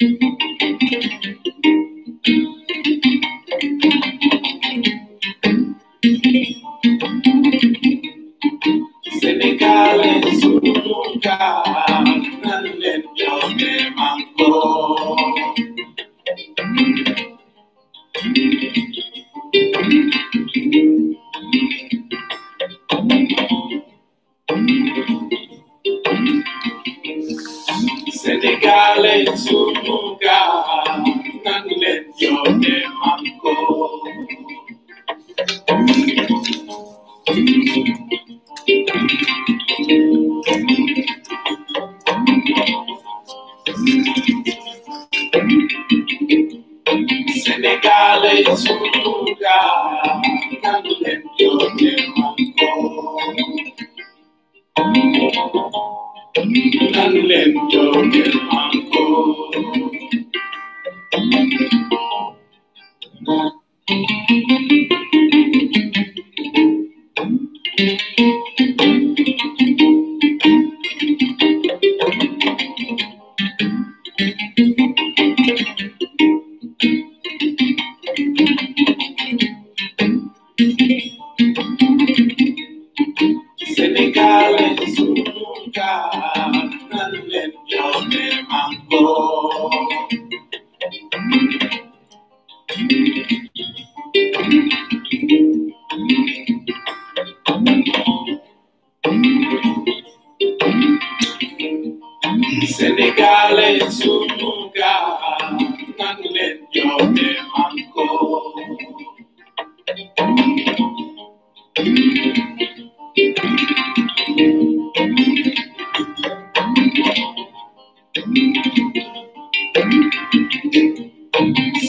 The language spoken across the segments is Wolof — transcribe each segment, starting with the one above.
thank you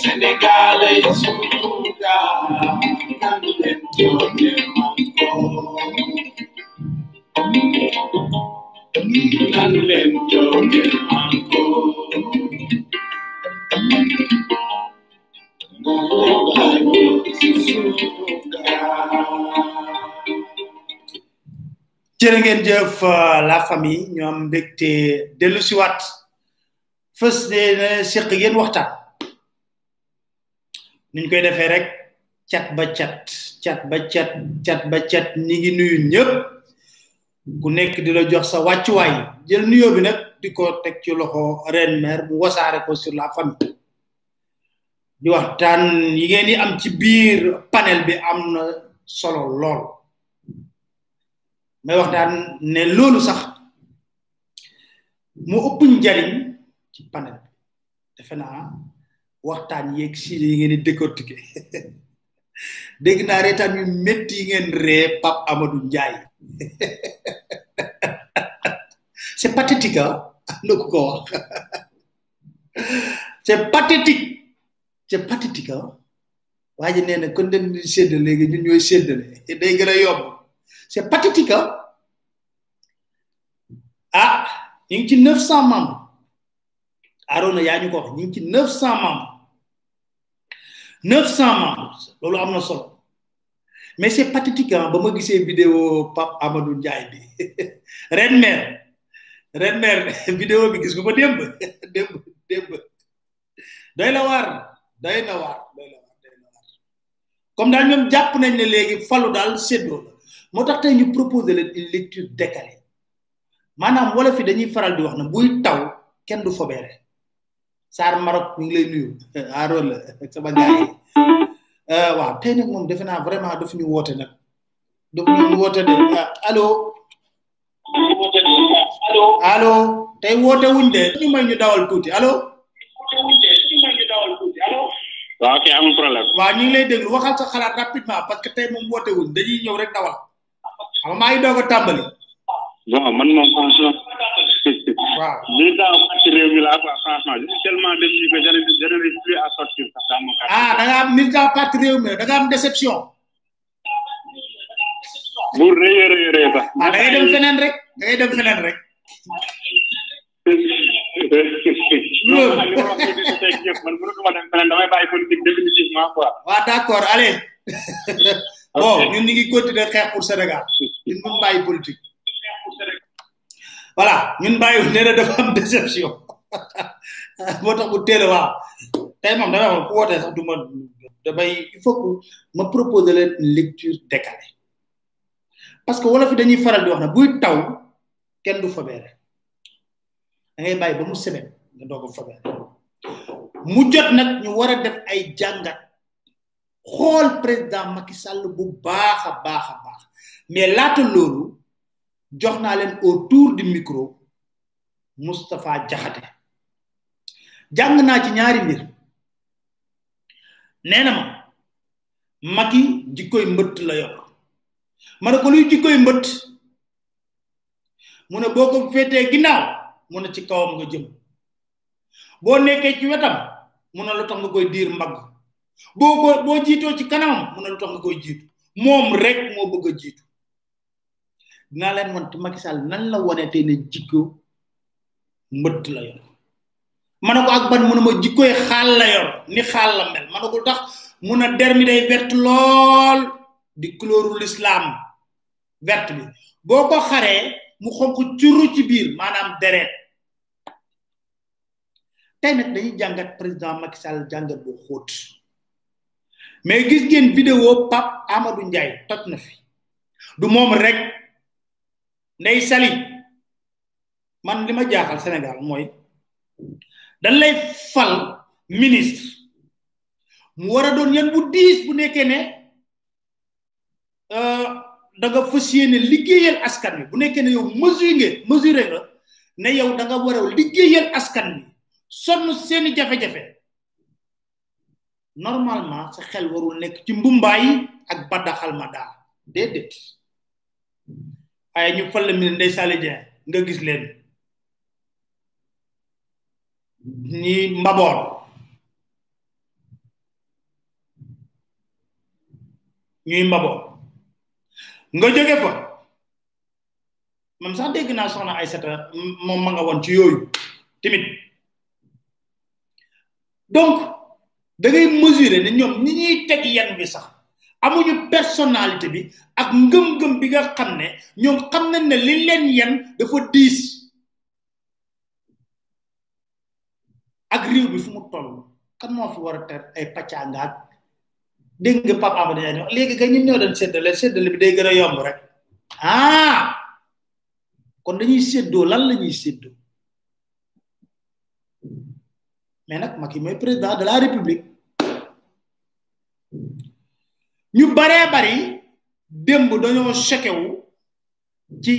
Senegal es un lugar tan lento de jërë ngeen jëf euh, la famille ñoom mbégte dellu si waat fës ne séq yéen waxtaan nuñ koy defee rek cat ba cat cat ba cat cat ba cat ñi ngi nuyu ñëpp ku nekk di la jox sa wàccuwaay jël nuyoo bi nag di ko teg ci loxo ren bu mu wasaare ko sur la famille di waxtaan yi ngeen di am ci biir panel bi am na solo lool may waxtaan ne loolu sax mu ëpp njariñ ci panel defé na naa waxtaan yeeg si yi ngeen di décortiquer dégg naa reetaan yu metti ngeen ré pap Amadou ndjay c'est pathétique hein ko ko wax c'est pathétique c'est pathétique hein waji ji nee na kon dañ di sédde légui ñun ñoy sédde né e day gëna a c'est pathétique hein ah ñing ci 900 membres Arona yaa ñu ko wax ñu ci 900 membres 900 membres loolu amna solo mais c'est pathétique ah ba ma gisee vidéo pap Amadou Ndiaye bi ren mère ren mère vidéo bi gis nga ko demb demb démb doy na waar doy na war day la war doy na waar comme daal ñoom japp nañ né légui fallu dal séddoo motax tay ñu proposer le une lecture décalée manam wala fi dañuy faral di wax na buy taw kenn du fobeere Saar Maroc ñu ngi lay nuyu aaroo la euh, waaw tey nag moom defe naa vraiment daf ñu woote nag woote de ah, allo allo woote wuñ de ñu may ñu dawal tuuti allo. waaw ok amul problème. waaw ñu ngi lay déglu waxal sa xalaat rapidement parce que te moom woote wuñ dañuy ñëw rek dawal xam nga doog a tàmbali. bon man moom. li daaw fàcc réew mi la quoi franchement je suis tellement déçu que je ne je ne vais plus à sortir dans mon quartier. ah da nga am li daaw fàcc réew mi da nga am déception. bu rëy rëy rëy sax. ah da ngay dem feneen rek da ngay dem feneen rek. waaw d'accord allez bon ñun ñu ngi continuer xeex pour Sénégal ñun bu bàyyi politique voilà ñun bàyyi nee na dafa déception moo tax bu teel a waaw tey moom dama waxoon ku wootee sax du ma damay il faut que ma proposer leen une lecture décalée parce que wolof yi dañuy faral di wax ne buy taw kenn du fobeere da ngay bàyyi ba mu semaine nga doog a fobeere mu jot nag ñu war a def ay jàngat xool président Macky Sall bu baax a baax a baax mais laata loolu. jox naa leen autour du micro Moustapha Diakhaté jàng naa ci ñaari mbir neena na ma Macky jikkoy mbëtt la yor ma ne ko luy jikkoy mbëtt mu ne boo ko féetee ginnaaw mu ne ci kawam nga jëm boo nekkee ci wetam mu ne lu tax nga koy diir mbagg boo boo jiitoo ci kanam mu ne lu nga koy jiitu moom rek moo bëgg a jiitu dinaa leen won Macky Sall nan la té né jikko mbeut la yor manako ak ban jikko yi xal la yor ni xal la mel manako tax mun dermi day vert lol di couleuru l'islam vert bi boko xaré mu xonku curu ci bir manam deret tay nak dañuy jangat président Macky Sall jangat bu xoot mais gis ngeen vidéo pap Amadou ndjay toj na fi du mom rek ney sali man lima jaxal senegal moy dañ lay fal ministre mu wara a doon yan bu 10 bu né euh da nga fassiyene liggéeyal askan bi bu nekké né yow mesure nga mesure nga né yow da nga wara liggéeyal askan bi sonu seeni jafé jafé normalement sa xel warul nekk ci mbumbay ak badaxal ma da dedet waaye ñu fal la mi ne nga gis leen ñi mbaboor ñuy mbaboor nga jóge fa man sax dégg naa soxna Aysata moom ma nga woon ci yooyu tamit donc da ngay mesurer ñoom ñi ñuy teg yenn bi sax amuñu personnalité bi ak ngëm-ngëm bi nga xam ne ñoom xam nañ ne li leen yen dafa diis ak réew bi fu mu toll kan moo fi war a ter ay pàccangaat dégg nga Pape a Ndiaye wax léegi kay ñun ñoo doon séddale séddale bi day gën a yomb rek ah kon dañuy séddoo lan la ñuy séddoo mais nag Macky mooy président de la république ñu baree bari démb dañoo choquewu ci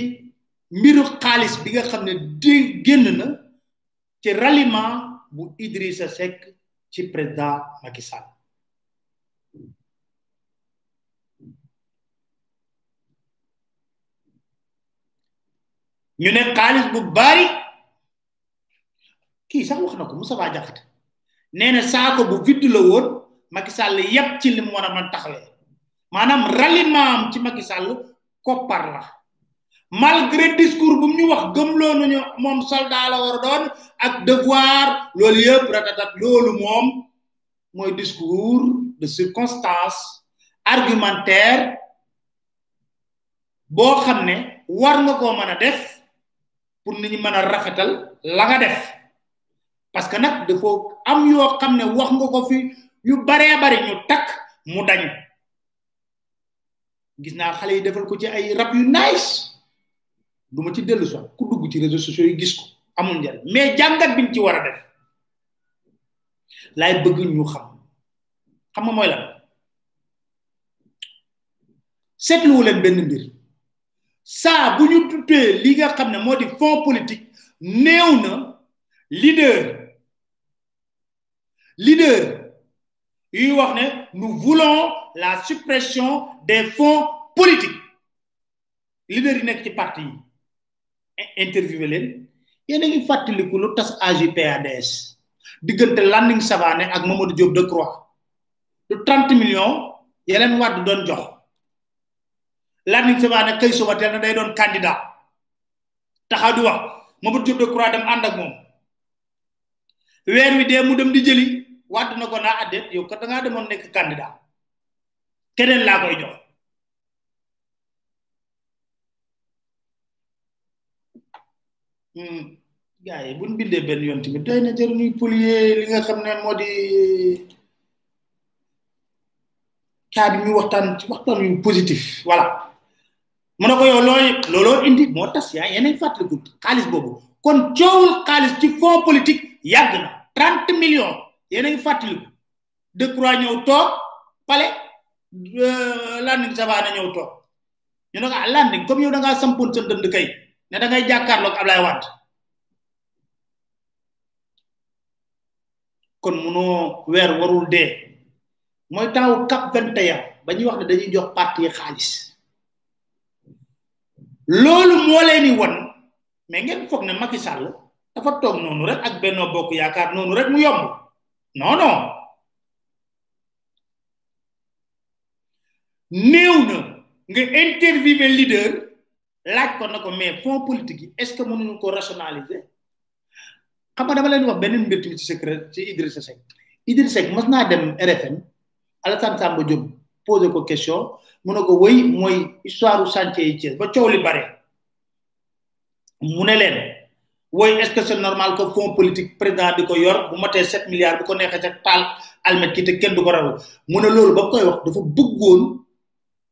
mbiru xaalis bi nga xam ne di génn na ci ralliement bu Idrissa Seck ci président Macky Sall ñu ne xaalis bu bari kii sax wax na ko mu Diakhaté nee na saako bu vidd la woot Macky Sall yépp ci li mu war a mën taxawee manam ralliement ci Macky Sall koppar la malgré discours bu ñu wax lo ñu mom soldat la war doon ak devoir lool yëpp ratatat loolu mom moy discours de circonstance argumentaire bo xam war nga ko mëna def pour ni ñi mëna rafetal la nga def parce que de dafa am yo xam wax nga ko fi yu bare bare ñu tak mu dañ gis naa xale yi defal ko ci ay rab yu nice du ma ci dellu sax ku dugg ci réseaux sociaux yi gis ko amul njariñ mais jàngat biñ ci war a def laay bëgg nu xam xam nga mooy lan seetluwu leen benn mbir saa bu ñu tuddee li nga xam ne moo di fond politik néew na leader leader yuy wax ne nous voulons la suppression des fonds politiques leader yi nekk ci parti interviewé leen yéen a ngi fàttaliku lu tas AJ/PADS diggante Landing savane ak Mamadou Diop de Croix lu 30 millions yeneen wàdd doon jox Landing savane kay suba teel na day doon candidat taxaw di wax Mamadou Diop de Croix dem ànd ak moom weer wi dee mu dem di jëli wàdd na ko naa addeet ah, yow ko da ngaa demoon nekk candidat keneen laa hmm. koy jox gars yi bu ñu bindee benn yoon tamit doy na jëru ñuy polier li nga xam ne moo di cas bi ñu waxtaan ci waxtaan yu positif voilà mu ne ko yow looy looloo indi moo tas yaa yeneen fàttaliku xaalis boobu kon coowul xaalis ci fond politique yàgg na trente million yeneen fàttaliku de croix ñëw toog pale landing sa baana ñew tok ñu nga landing comme yow da nga sampul sa dënd kay ne da ngay jakkar lok ablay wat kon mëno wër warul dé moy taw kap 21 ya. bañuy wax ne dañuy jox parti xaliss lolu mo leeni won mais ngeen fokk ne Macky Sall dafa tok nonu rek ak benno bokk yaakar nonu rek mu yomb non non néew na nga interviewé leader laaj ko na ko mais fonds politique yi est-ce que mënuñu ko rationaliser xam nga dama leen wax benn mbir tamit ci secret ci Idrissa Seck mas naa dem RFM Alassane Samba Diop posé ko question mu ne ko woy mooy histoire u chantier yi Thiès ba coow li bare mu ne leen wooy est-ce que c'est normal que fonds politique président di ko yor bu matee sept milliards bu ko neexee sax taal almet ki te kenn du ko raw mu ne loolu ba koy wax dafa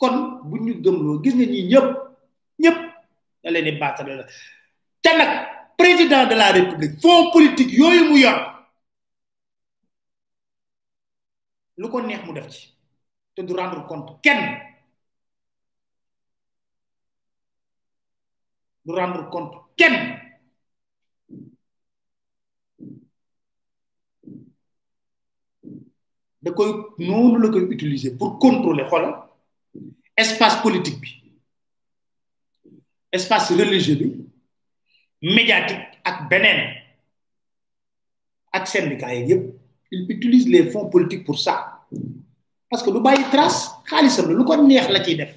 kon ñu gis nga ñi président de la république politique yoyu mu yor lu ko neex mu def ci rendre compte kenn du rendre compte kenn da koy utiliser pour contrôler xolal espace politique bi espace religieux bi médiatique ak benen ak syndicat yi il utilise les fonds politiques pour ça parce que du bàyyi trace xaalisam lu ko neex la ci def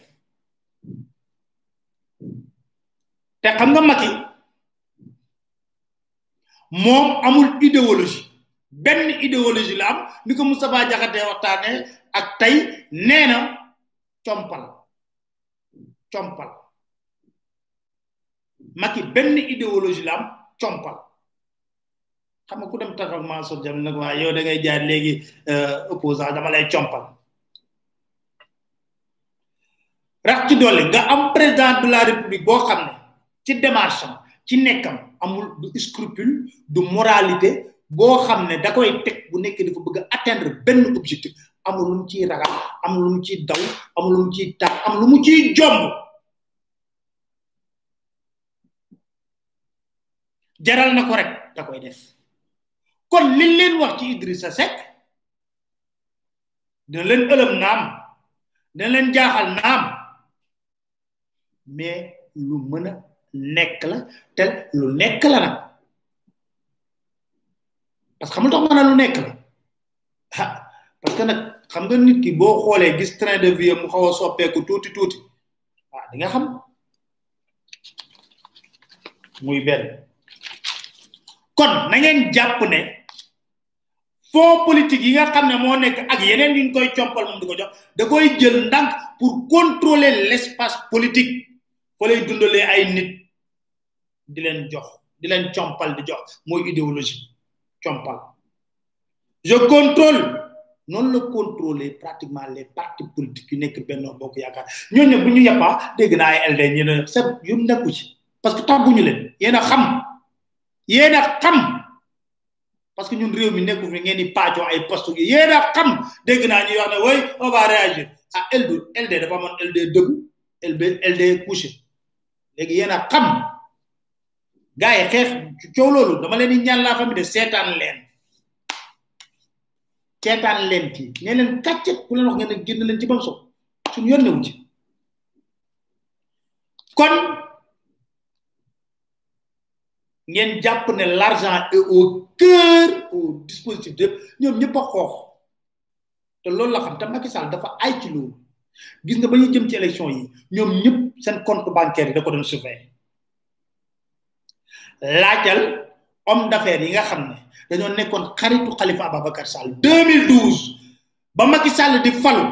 te xam nga maki mom amul idéologie ben idéologie la am ni ko Moustapha Diakhaté waxtaane ak tay nee chompal chompal maki ben idéologie lam chompal xam ku dem yow da ngay euh, opposant dama lay ci président de la république bo ci démarche ci scrupule de moralité da koy teg bu bëgg atteindre objectif amul lu mu ciy ragal amul lu mu ciy daw amul lu mu ciy tax amul lu mu ci jomb jaral na ko rek da koy def kon liñ leen wax ci Idrissa Seck dina leen ëlëm naam dina leen jaaxal naam mais lu mën a nekk la te lu nekk la nag parce que xamul tax mën a lu nekk la ah parce que xam nga nit ki boo gis train de vie mu xaw a soppeeku tuuti tuuti ah, di nga xam muy politique yi nga xam ne moo nekk ak yeneen ñu koy ko jox da koy jël pour contrôler l'espace politique fa lay dundalee ay nit di leen jox di di jox idéologie je contrôle non la contrôler pratiquement les partis politiques Benno Bokk yakar ñu buñu yappa dégg LD yu nekku ci parce que tàgguñu leen sommes a xam yéen xam parce que ñun réew mi nekku fi ngeen di paajoo ay poste yi xam dégg Nous sommes. wax na way on va réagir ah, LD LD dafa Nous LD LD LD couché Nous sommes. xam gars xex Nous sommes. dama leen ñaan la famille de seetaan leen ceetaan leen ci nee leen kàccet ku leen wax ngeen ne génn leen ci bam so suñu yoon newu ci kon ngeen jàpp ne l'argent est au cœur au dispositif de ñoom ñëpp a xoox te loolu la xam te Macky Sall dafa ay ci loolu gis nga ba ñu jëm ci élection yi ñoom ñëpp seen compte bancaire yi da ko doon surveiller laajal homme d'affaires yi nga xam ne dañoo nekkoon xaritu Khalifa Ababacar Sall 2012 ba Macky Sall di falu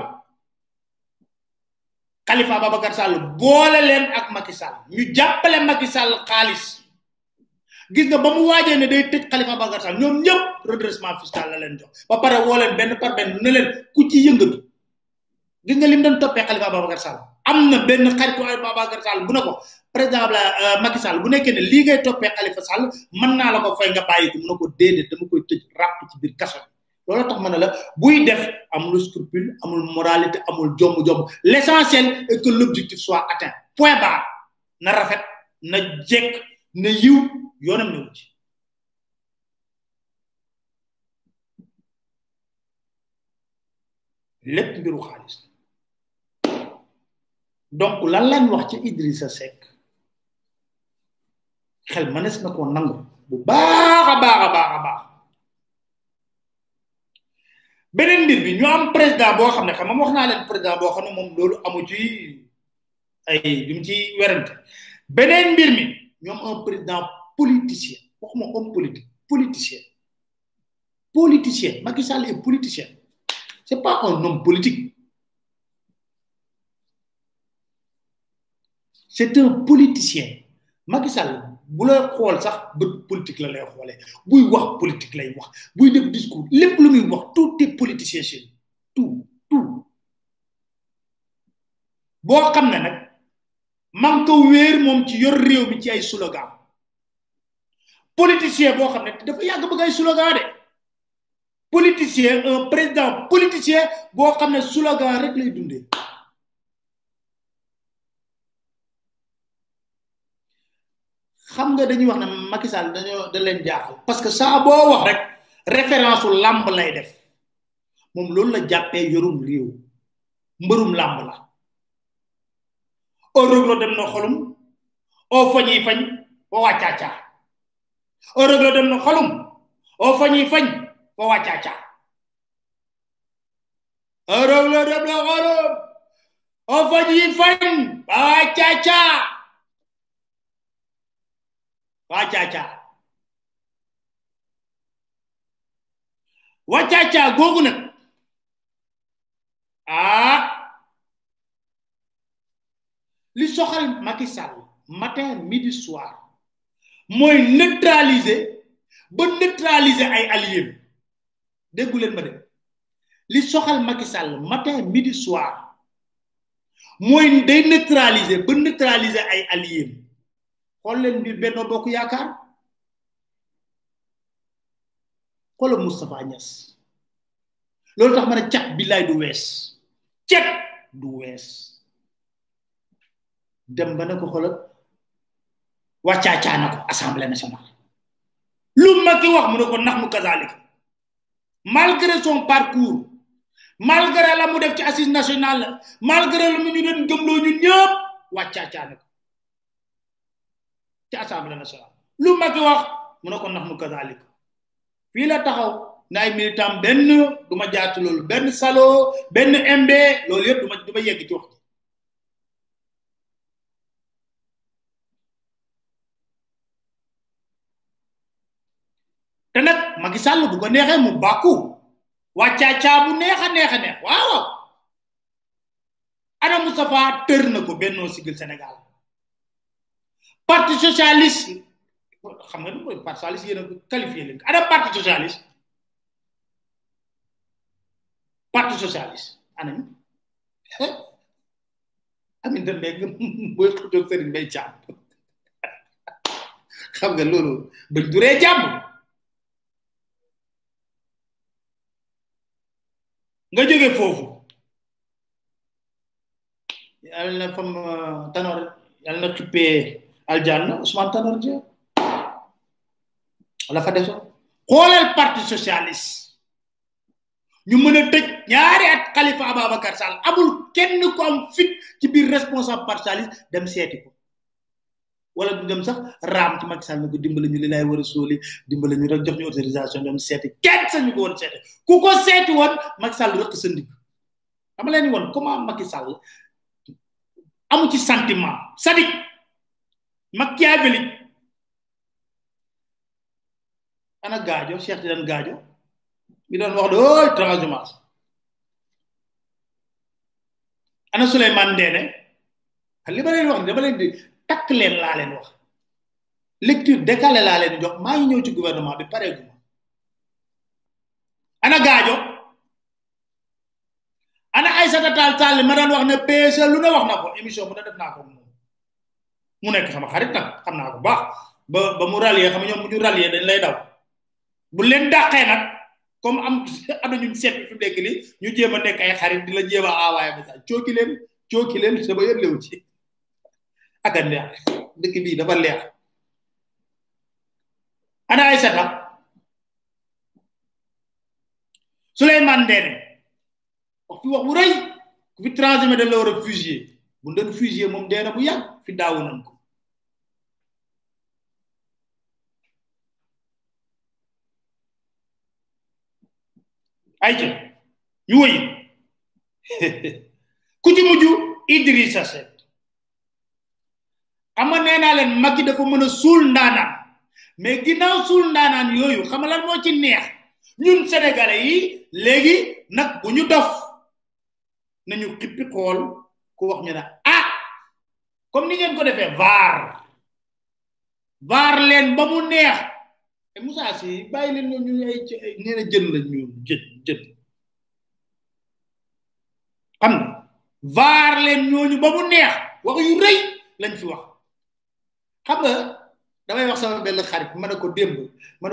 Khalifa Ababacar Sall boole leen ak Macky Sall ñu jàppale Macky Sall xaalis gis na ba mu waajee ne day tëj Khalifa Ababacar Sall ñoom ñëpp redressement fiscal leen jox ba pare woo benn par benn ne leen ku ci yëngatu gis na lim doon toppee Khalifa Ababacar Sall. am na benn xaritu Ababacar Sall bu ne ko président euh, Macky Sall bu nekkee ne lii ngay toppee Khalifa Sall mën naa la ko fay nga bàyyi ko mu ne ko déedéet dama koy tëj ràpp ci biir kaso bi loolu tax ma ne la buy def amul scrupule amul moralité amul jomb-jomb l' essentiel que l' objectif soit atteint point barre na rafet na jekk na yiw yoonam newu ci lépp mbiru xaalis donc lan lañ wax ci Idrissa Seck xel mënees na koo nangu bu baax a baax a baax a baax beneen mbir bi ñu am président boo xam ne xam nga wax naa leen président boo xam ne moom loolu amu ci ay du ci werante beneen mbir mi ñoom un président politicien waxuma homme politique politicien politicien Macky Sall est politicien c'est pas un homme politique c'est un politicien Macky Sall bu la xool sax politique la lay xoolee buy wax politique lay wax discours lu wax tout est politicien chez tout tout bo xamné ne man ko wéer mom ci yor rew mi ci ay slogan politicien bo dafa ay politicien un président politicien slogan rek xam nga dañuy wax ne Macky Sall dañu dañ leen jaaxal parce que saa boo wax rek référence lamb lay def moom loolu la jàppee yorum réew mbërum lamb la au roglo dem na xolum o fañi fañ wa wàccaaca au roglo dem na xolum o fañi fañ wa wàccaaca au roglo dem na xolum o fañi fañ wa wàccaaca waa wacaaca wacaaca googu nag ah li soxal Macky Sall matin midi soir mooy neutraliser ba neutraliser ay alliés déggu leen ma de li soxal Macky Sall matin midi soir mooy day neutraliser ba neutraliser ay alliés xool leen biir benno bokk yakar musafanya, mustafa Niass loolu tax mané ne billahi dembana du wess cat du wess dem ba nako xolat xoolal wàccaacaa nako assemblée nationale lu ki wax mu ne ko nax mu malgré son parcours malgré la mu def ci assise nationale malgré lu ñu doon ñun ñëpp nako ci assemblée nationale lu Macky wax mu ne nax nu kazaalika fii la taxaw na ay benn du ma jaar ci loolu benn salo benn MB loolu yëpp du yegg ci wax te nag Macky Sall bu ko neexee mu bàkku wàccaacaa bu neex a neex a neex waaw ana Moustapha tër na ko Benno Siggil Sénégal parti socialiste xam nga mooy parti socialiste yéen a qualifié leen ada parti socialiste parti socialiste anam amin de mbeg mooy xëjoo sëriñ mbay càmm xam nga loolu bañ duree jàmm nga jóge foofu yàlla na fam tanor yàlla na xippee aljanna Ousmane Tanor Dieng la fa desoon xoolal parti socialiste ñu mën a tëj ñaari at Khalifa Ababacar Sall amul kenn ku am fit ci biir responsable parti socialiste dem seeti ko wala du dem sax raam ci Macky Sall ne ko ñu li lay war a sóoli dimbala ñu jox ñu autorisation dem seeti kenn sañu ko woon seeti ku ko seeti woon Macky Sall rëq sa ndig dama leen woon comment Macky Sall amu ci sentiment sadik machiavélique ana gaajo Cheikh Tidiane gaajo mi doon wax de ooy transhumance ana Souleymane Ndéné li ma leen wax dama leen takk leen laa leen wax lecture décalée laa leen jox maa ñëw ci gouvernement bi pareeguma ana gaajo ana Aïssata Tall Sall ma daan wax ne PSE lu ne wax na ko émission mu ne def naa ko mu nekk sama xarit nag xam naa ko baax ba ba mu rallier xam nga ñoom bu ñu rallier dañ lay daw bu leen dàqee nag comme am am na ñu seet fi mu nekk ñu jéem a nekk ay xarit di la jéem a envoyé message cooki leen cooki leen sama yëpp lew ci ak a neex dëkk bii dafa leex ana Aysata Souleymane Ndéné wax fi wax bu rëy fi transhumé dañ la war a fusillé bu doon fusillé moom dee na bu yàgg fi daawu nañ ko ayca ñu wëy ku ci mujj Idrissa Seck xam nga nee naa leen Macky dafa mën a suul ndaanaan mais ginnaaw suul ndaanaan yooyu xam nga lan moo ci neex ñun sénégalais yi léegi nag bu ñu dof nañu xippi xool ku wax ñu ah comme ni ngeen ko defé var var len ba mu neex e Moussa si bay leen ñu ay nee na jën la ñu jën jën xam var len leen ñooñu ba mu neex wax yu reuy lañ fi wax xam nga damay wax sama bel xarit ma ko démb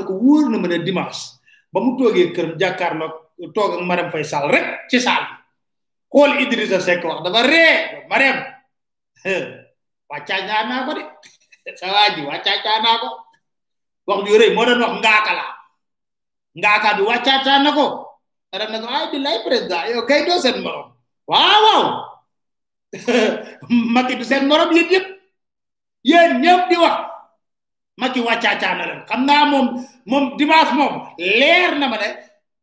ko na ma dimanche ba mu toge keur jakarlo toog ak maram fay sal rek ci sal xool Idrissa Seck dafa ree ma dem wàccaacaa naa ko de sa waa ji ko wax ju rëy moo doon wax ngaaka la ngaaka bi wàccaacaa na ko dara ay bi président yow kay doo seen morom waaw waaw Macky morom yéen yëpp yéen ñëpp di wax Macky wàccaacaa na leen xam naa moom moom moom leer na ma ne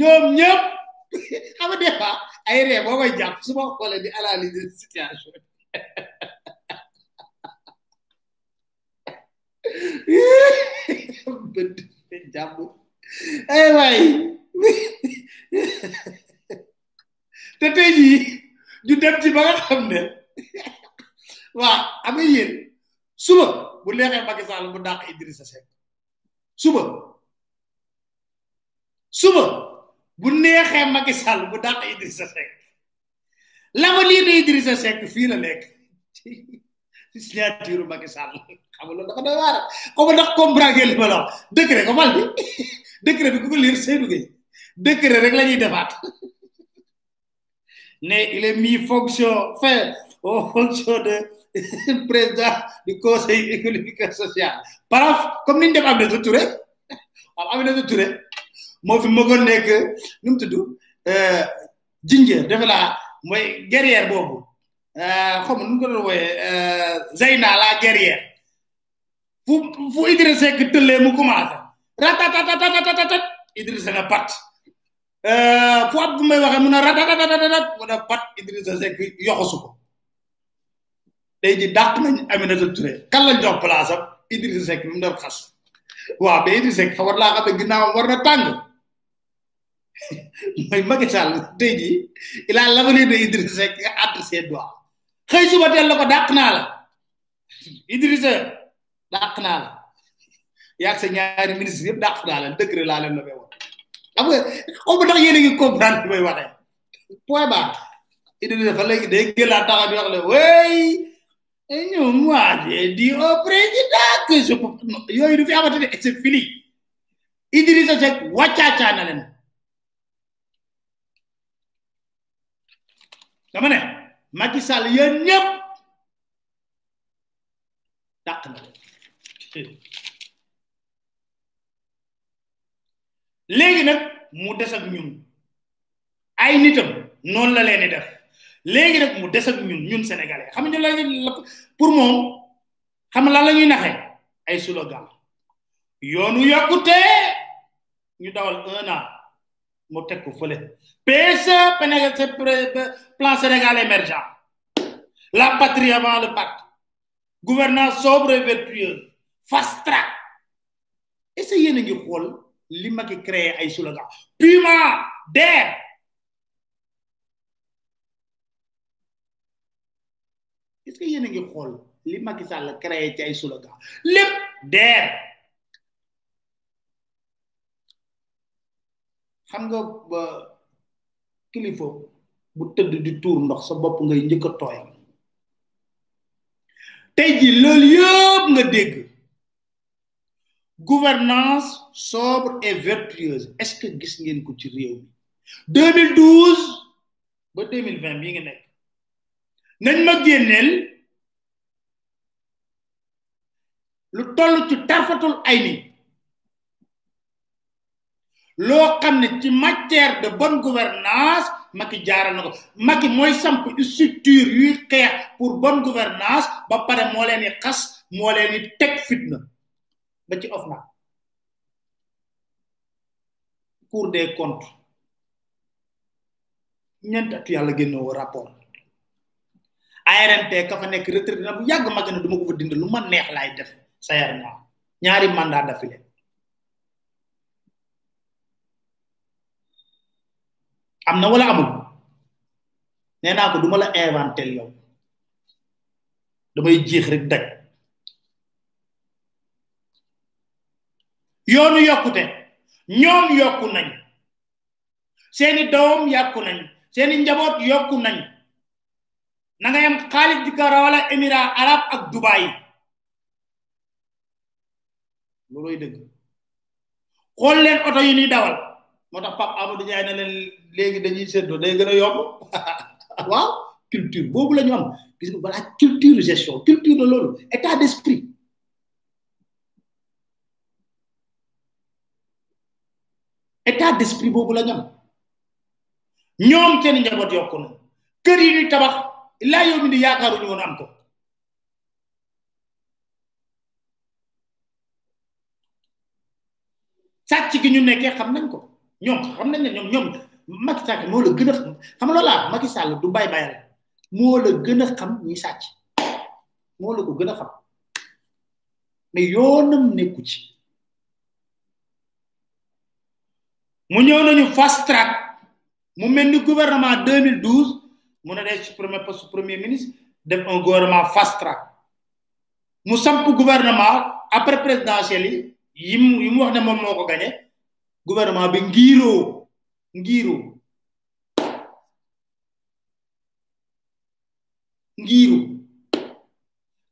ñoom ñëpp xam nga des fois ay ree boo koy jàpp su ma xoolee di analyser situation bëdd ay waay te tey jii ñu dem ci ba nga xam ne waa am nga yéen suba bu neexee bu neexee Macky Sall bu dàq Idrissa Seck l'avenir de Idrissa Seck fii la nekk ci signature Macky Sall xam nga loolu dafa doy waar comme ndax comprendre ngeen li ma la wax ko fal bi décret bi ku ko lire Seydou rek lañuy ñuy defaat ne il est mis fonction fin aux fonctions de président du conseil économique et social comme ni ñu def Aminata Touré am Aminata Touré moo fi mëgoon nekk nu mu tudd Ginger euh, defe naa mooy guerrière boobu euh, xaw ma nu mu ko doon wooyee euh, Zeyna la guerrière fu fu Idrissa Seck tëllee mu commencé ratatatatatatatat Idrissa na pat fu ab bu may waxee mun a ratatatatat mu ne pat Idrissa Seck yoxosu ko tey ji dàq nañ Aminata Touré kan lañ jox place am Idrissa Seck mu doon xas waaw mais Idrissa Seck war laa xam ne ginnaawam war na tàng mooy Macky Sall tey jii il a l'avenir de Idriss Seck entre suba teel la ko dàq naa la Idriss dàq naa ñaari ministre yëpp dàq naa la décret laa leen la koy wax xam nga xaw ma ndax yéen a ngi comprendre li may waxee point ba Idriss di wax le ñu moi j'ai dit au président yooyu du fi amati ne c'est fini Idriss Seck wàccaacaa na leen dama ne Macky Sall ñëpp dàq na léegi nag mu des ak ñun ay nitam noonu la leen di def léegi nag mu des ak ñun ñun sénégalais xam nga la pour moom xam lan la ñu naxee ay slogan yoonu yokkute ñu dawal un an. mote kufule pesa penega se plan sénégalais émergent la patrie avant le pacte gouvernance sobre et vertueuse fast track essayez de ngi xol li maki créer ay slogan puma der est ce que yene ngi xol li maki sall créer ci ay slogan lepp der xam nga ba kilifa bu tëdd di tuur ndox sa bopp ngay njëkk a tooy tey ji loolu yëpp nga dégg gouvernance sobre et vertueuse est-ce que gis ngeen ko ci réew mi 2012 ba 2020 bii nga nekk nañ ma génneel lu toll ci tarfatul ay ni lo xamne ci matière de bonne gouvernance maki jaaral ko maki moy samp structure yuy xex pour bonne gouvernance ba pare mo leni xass mo leni tek fitna ba ci of na cour des comptes ñent at genn wo rapport ARNT ka fa nek retraite na bu yag magana duma ko fa dind lu ma neex lay def sayarna ñaari mandat d'affilée am na wala amul nee naa ko du la inventel yow damay jéex rek daj yoonu yokkute ñoom yokku nañ seeni doom yàkku nañ seeni njaboot yokku nañ nanga nga yam xaalis di ko rawale émirat arab ak dubaay looloy dëgg xool leen oto yi ñuy dawal moo tax Pape Amadou ñaay na leen léegi dañuy séddoo day gën a yomb waaw culture boobu la ñu am gis nga voilà culture gestion culture de loolu état d'esprit état d'esprit boobu la ñu ñoom seen njaboot yokku na kër yi ñuy tabax laa yow mi ni yaakaaruñu woon am ko sàcc gi ñu nekkee xam nañ ko ñoom xam nañ ne ñoom ñoom Macky Sall moo la gën a xam xam nga loolaa Macky Sall du bay bayal moo la gën a xam ñuy sàcc moo la ko gën a xam mais yoonam nekku ci mu ñëw nañu fast mu mel ni gouvernement 2012 mu ne day supprimer poste premier ministre def un gouvernement fast mu samp gouvernement après présidentielle yi yi mu mu wax ne moom moo ko gagné. gouvernement bi ngiro ngiro ngiro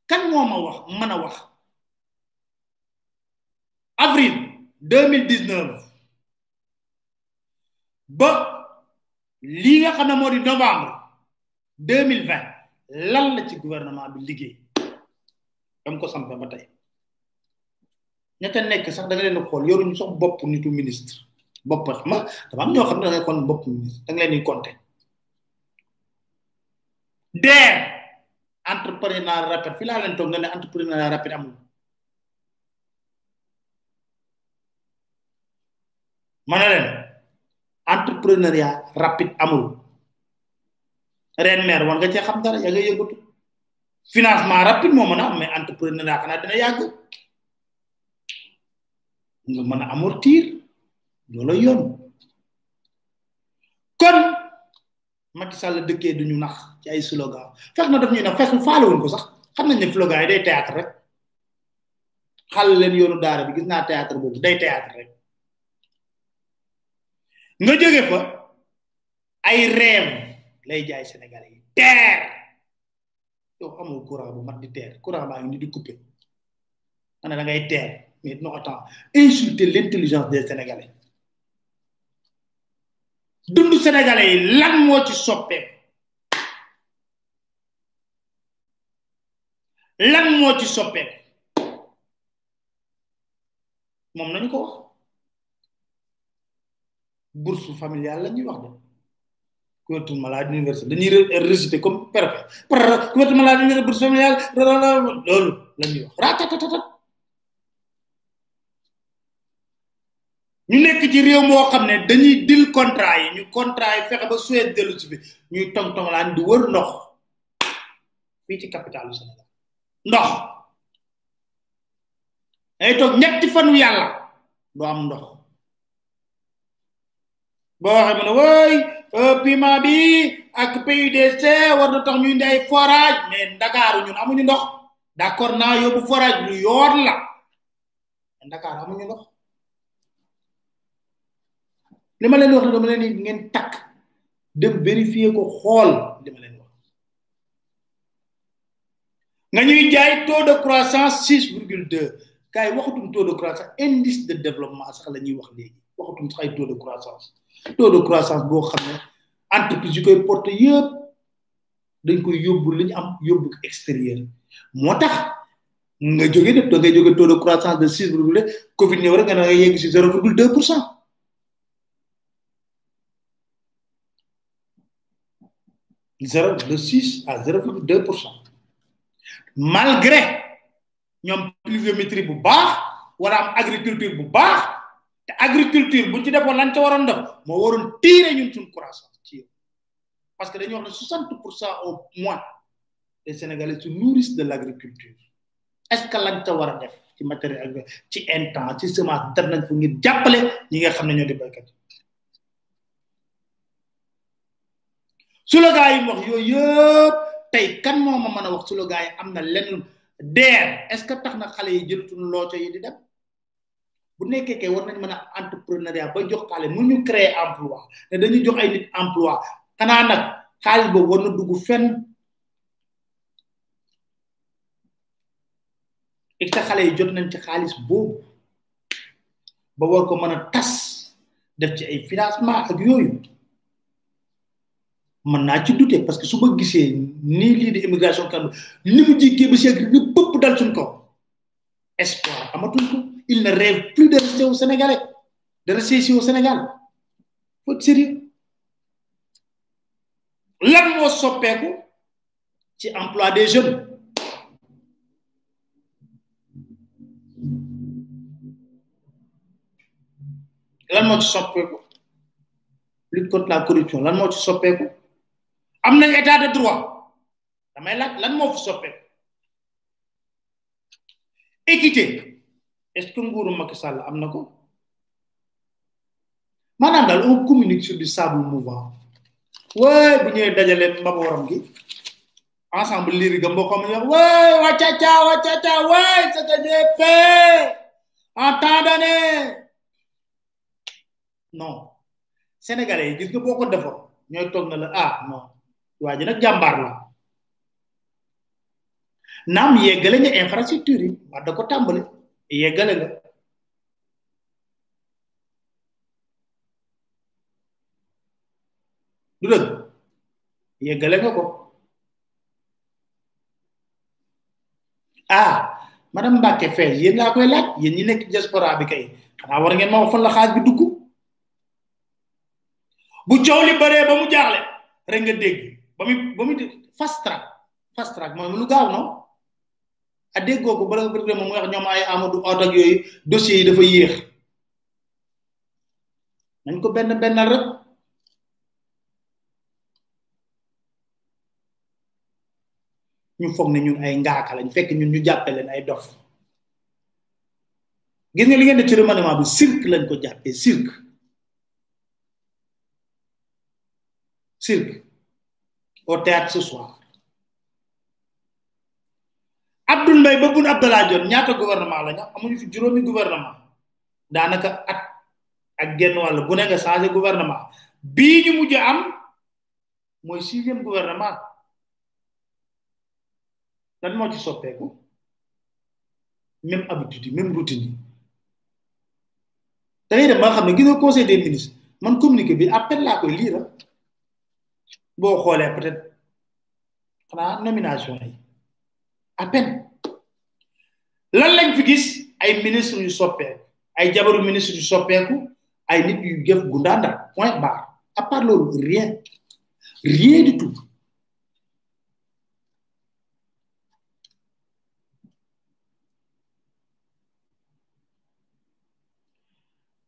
kan moma wax mana wax avril 2019 ba li nga xamne modi novembre 2020 lan la ci gouvernement bi liggé dam ko sampé ba tay ñata nekk sax da nga leen xool ñu sax bopp nitu ministre bopp ma dafa am ñoo xam ne da kon bopp ministre da nga leen di compté der entrepreneur rapide fi laa leen toog nga ne entrepreneur rapide amul ma ne leen entrepreneuriat rapide amul ren maire war nga ci xam dara ya nga yëngatu financement rapide moo mën a am mais entrepreneuriat xanaa dina yàgg nga mën a amortir loolu yoon kon Macky Sall dëkkee ñu nax ci ay slogan fex na daf ñuy nax fex faalewuñ ko sax xam nañ ne slogan yi day théâtre rek xàll leen yoonu daara bi gis naa théâtre boobu day théâtre rek nga jóge fa ay rêve lay jaay Sénégalais yi teer yow amul courant bu mat di teer courant baa ngi ni di coupé ma ne teer mais non, attends, insulter l'intelligence des Sénégalais. dundu Sénégalais yi lan moo ci soppeeku lan moo ci soppeeku Mom nañ ko wax bourse familiale la wax de couverture maladie universelle dañuy résister comme perfet couverture maladie universelle bourse familiale loolu la ñuy wax ratatatatat ñu nekk ci réew moo xam ne dañuy dil contrat yi ñu contrat yi fexe ba suwee delu ci fi ñuy tong tong laan di wër ndox fii ci du sénégal ndox ay toog ñetti fanu yàlla doo am ndox boo waxee mu ne wooy euh, piment bi ak PUDC war na tax ñuy ndey forage mais Dakar ñun amuñu ndox d' accord naa yóbbu forage lu yoon la Dakar amuñu ndox li ma leen wax dama leen ngeen tak dem vérifier ko xool li ma leen wax nga ñuy jaay taux de croissance 6,2 kay waxatum taux de croissance indice de développement sax la ñuy wax léegi waxatum sax ay taux de croissance taux de croissance boo xam ne entreprise yu koy porte yépp dañ koy yóbbu li ñu am yóbbu extérieur moo tax nga jóge def da ngay jóge taux de croissance de 6,2 covid ñëw rek nga na nga yegg si 0,2 pour cent de 6 à 0,2%. Malgré ñom pluviométrie bu baax wala agriculture bu baax te agriculture bu ci defoon lan ca waron def mo waron tirer ñun sun croissance parce que dañu wax 60 au moins les sénégalais se nourrissent de l'agriculture. est ce que lañ ta war def ci matériel ci intant ci semence def nañ ko ngir jappalé ñi nga xamné ñoo di béykat su la gaay wax yoy tay kan mo ma mëna wax su la gaay amna len der est ce que taxna xalé yi jëlutun loco yi di dem bu nekké kay war nañ mëna entrepreneuriat ba jox xalé mu ñu créer emploi né dañu jox ay nit emploi xana nak xalis bo war na dugg fenn ik ta xalé yi jot nañ ci ba war ko tass def ci ay financement ak man naa ci doute parce que su ma gisee nii lii di immigration kan ni mu jikkee ba siècle ni bëpp dal suñ kaw espoir amatuñ ko il ne rêve plus de rester au Sénégalais de rester ici au Sénégal faut être sérieux lan moo soppeeku ci emploi des jeunes lan moo ci soppeeku lutte contre la corruption lan moo ci soppeeku am na état de droit damay laaj moo fi soppeeku équité est-ce que nguuru Macky Sall am na ko maanaam daal on communique sur du sable mouvant bu ñëwee dajale mbaba waram gi ensemble liiri ga mboo xam wax waay wacaca wacaca waay c'était fait en temps donné non sénégalais yi gis nga boo ko defoon ñooy toog na la ah non waji nak jambar la nam yeggale nga infrastructure yi da ko tàmbali yeggale nga du dëgg nga ko ah madame Mbacke fe yeen la koy laaj yeen ñi nek diaspora bi kay xana war ngeen ma wax fan la xaaj bi dugg bu coow li ba mu jaxle rek nga dégg ba muy ba muy fast track fast track mooy lu gaaw noonu a déggoo ko bala nga bëgg moom mooy wax ñoom ay Amadou Hott ak yi dafa yéex nañ ko benn benna rek ñu foog ne ñun ay ngaaka lañ fekk ñun ñu jàppe leen ay dof gis nga li ngeen di ci remaniement bi cirque lañ ko jàppee cirque cirque au théâtre ce soir Abdoul Mbaye ba Boun Abdallah Dionne ñaata gouvernement la ñu amuñu fi juróomi gouvernement daanaka at ak genn wàll bu ne nga changé gouvernement bii ñu mujj am mooy sixième gouvernement lan moo ci soppeeku même habitude yi même te yi tey xam ne gisoo nga conseil des ministres man communiqué bi appel laa koy lire bo xolé peut-être xanaa nomination yi à peine lan lañ fi gis ay ministre yu soppé ay jabaru ministre yu soppeeku ay nit yu jëf gundaanda point barre à part le rien rien du tout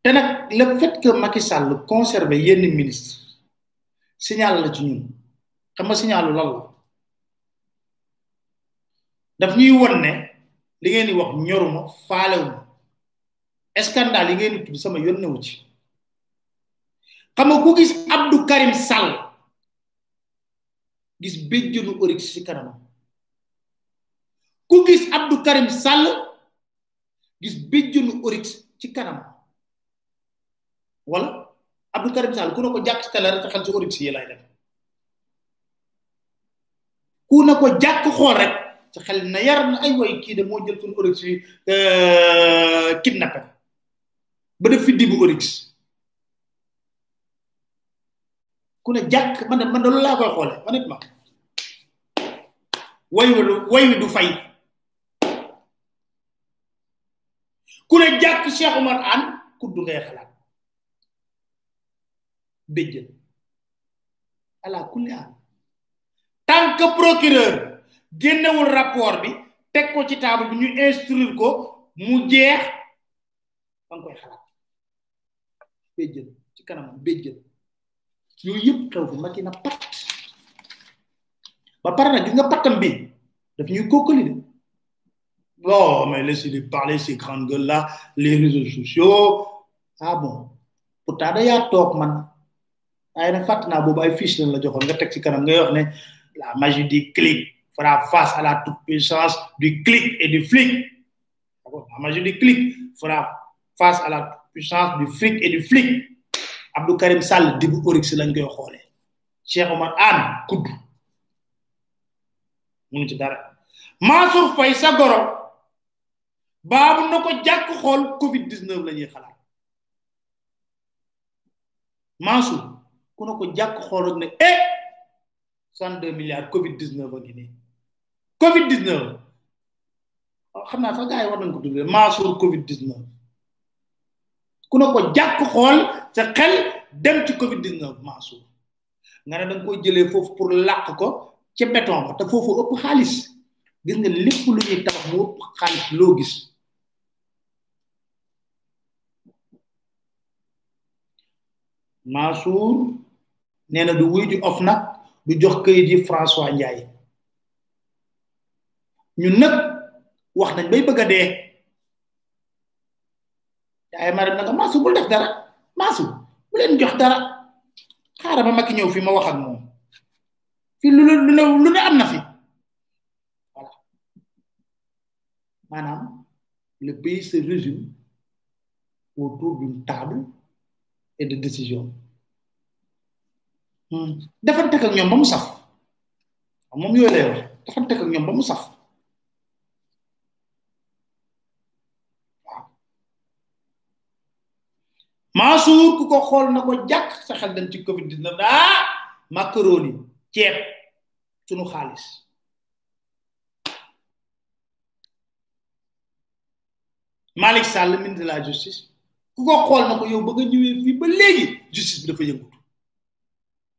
le fait que Macky Sall conserve les ministres. signal ci ñun xam nga signalu lan la daf ñuy won ne li ngeen di wax ñoruma faalewuma scandale yi ngeen tudd sama yónne wu ci xam nga ku gis Abdou Karim Sall gis béjjënu Oryx ci kanamam ku gis Abdou Karim Sall gis béjjënu Oryx ci kanamam wala Abdou Karim Sall ku ne ko jàkk ko jàkk xool rek ci xel na yar na ay way kii de moo jël suñu auditeurs yi euh, kidnappé ba def fi dibu auditeurs ku ne jàkk man de loolu laa koy xoolee honnêtement way wi way wi du fay ku ne jàkk Cheikh Oumar Anne kuddu xalaat. béjjën ala kulli an tant que procureur gennewul rapport bi tek ko ci table bi ñu instruire ko mu jeex ba koy xalat béjjën ci kanam béjjën yooyu yëpp taw fi makina pat ba parna gi nga patam bi daf ñuy kokkali de non oh, mais laissez-les parler ces grandes gueules là les réseaux sociaux ah bon pourtant il da yaa toog man waaye nag fàtt naa boobu ay fiche lañ la joxoon nga teg ci kanam nga wax ne la magie du clic fera face à la toute puissance du clic et du flic la magie du clic fera face à la toute puissance du fric et du flic Abdou Karim Sall dibu orix lañ koy xoolee Cheikh Omar an kudd munu ci dara Mansour Faye sa goro baabu na ko jàkk xool covid 19 la ñuy xalaat Mansour ku ne ko jàkk xool ak ne eh soixante deux milliards Covid dix neuf a ngi nii Covid dix neuf ah, xam naa sax gars yi war nañ ko tuddee Mansour Covid dix neuf ku ne ko jàkk xool sa xel dem ci Covid dix neuf Mansour nga ne da nga jëlee foofu pour làq ko ci béton ba te foofu ëpp xaalis. gis nga lépp lu ñuy tabax mu ëpp xaalis loo gis Mansour nee na du wuy ji of nag du jox këyit yi François Ndiaye ñun nag wax nañ bay bëgg a dee yaay ma dem na nga maasu bul def dara maasu bu leen jox dara xaaral ma Macky ñëw fi ma wax ak moom fi lu lu ne lu ne am na fi voilà maanaam le pays se résume autour d'une table et de décision Hmm. defante ak ñom ba mu saf mom yo lay wax defante ak ñom ba mu saf Mansour ku ko xol na ko jàkk sa xel dañ ci covid 19 ah macaroni ceeb sunu xaliss Malik Sall ministre de la justice ku ko xol na ko yow fi ba justice dafa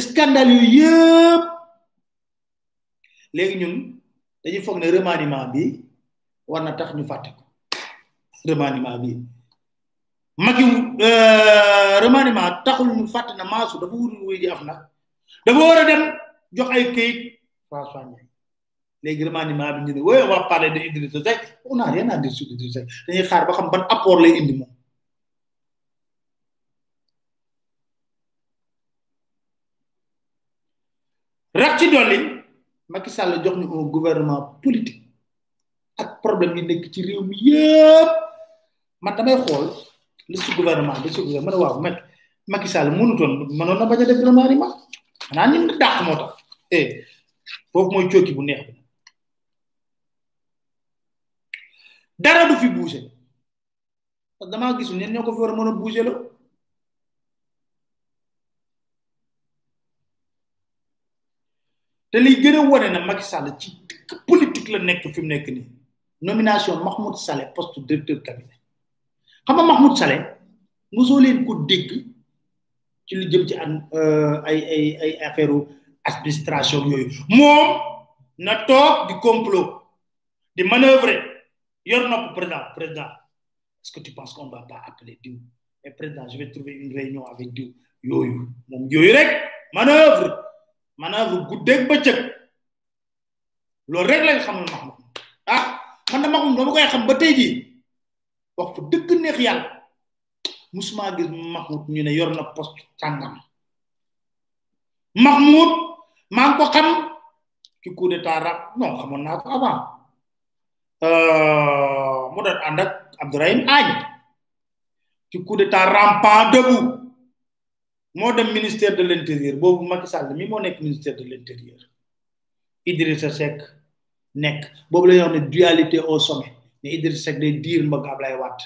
scandale yu yëpp léegi ñun dañuy foog ne remaniement bi war na tax ñu fàtte ko remaniement bi Macky euh, remaniement taxul ñu fàtte na maasu dafa wut wuy ji af nag dafa war a dem jox ay këyit François Ndiaye léegi remaniement bi ñu ne wooy on va parler de Idrissa Seck on n'a rien à dire sur Idrissa dañuy xaar ba xam ban apport lay indi moom Macky Sall jox ñu un gouvernement politique ak problème yi nekk ci réew mi yépp man damay xool li ci gouvernement bi ci gouvernement man waaw mec Macky Sall mënutoon mënoon na bañ a def gouvernement ni ma xanaa ñim dàq moo tax eh foofu mooy cooki bu neex bi dara du fi bouger dama gisul ñen ñoko fi wara mëna mën bouger la te liy gën na Macky Sall ci politique la nekk fi mu nekk nomination Mahmoud Saleh poste directeur cabinet xam nga Mahmoud Saleh mosoo leen ko dégg ci lu jëm ci euh, ay ay ay affaire administration yooyu moom na toog di complot di manœuvrer yor nopp président président est-ce que tu penses qu'on va pas appeler Dieu ?»« Et président je vais trouver une réunion avec Dieu. »« yooyu moom yooyu rek manœuvre maanaam lu guddeeg bëccëg loolu rek lañ xamul Mahmoud ah man de Mahmoud dama koy xam ba tey jii wax fa dëgg neex yàlla musuma gis Mahmoud ñu ne yor na poste sàngam Mahmoud maa ngi ko xam ci coup d'état rab non xamoon naa ko avant euh, mu doon ànd ak Abdourahim Agne ci coup d'état rampant moo dem ministère de l'Intérieur, intérieur boobu Macky Sall mi moo nekk ministère de l'Intérieur, intérieur Idrissa Seck nekk boobu la ñuy wax dualité au sommet ne Idrissa Seck day diir mbokk Ablaye Wade